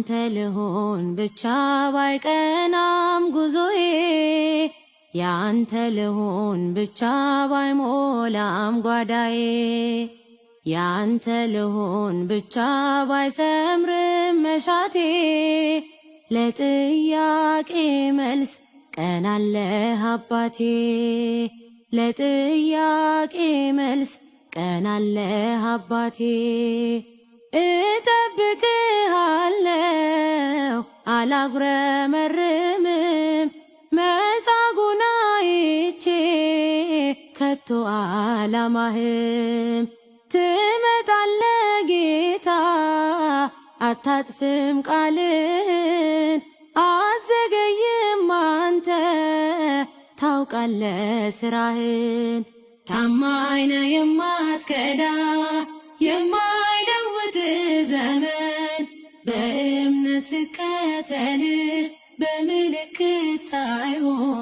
ያንተ ልሆን ብቻ ባይቀናም ጉዞዬ ያንተ ልሆን ብቻ ባይሞላም ጓዳዬ ያንተ ልሆን ብቻ ባይሰምርም መሻቴ ለጥያቄ መልስ ቀናለህ አባቴ ለጥያቄ መልስ ቀናለህ አባቴ እጠብቅ አላጉረመርምም መጻጉዕን አይቼ ከቶ አላማህም ትመጣለ ጌታ አታጥፍም ቃልን አዘገይም አንተ ታውቃለ ስራህን ታማይነ የማትከዳ የማይለውጥ ዘመን በእምነት በምልክት ሳይሆን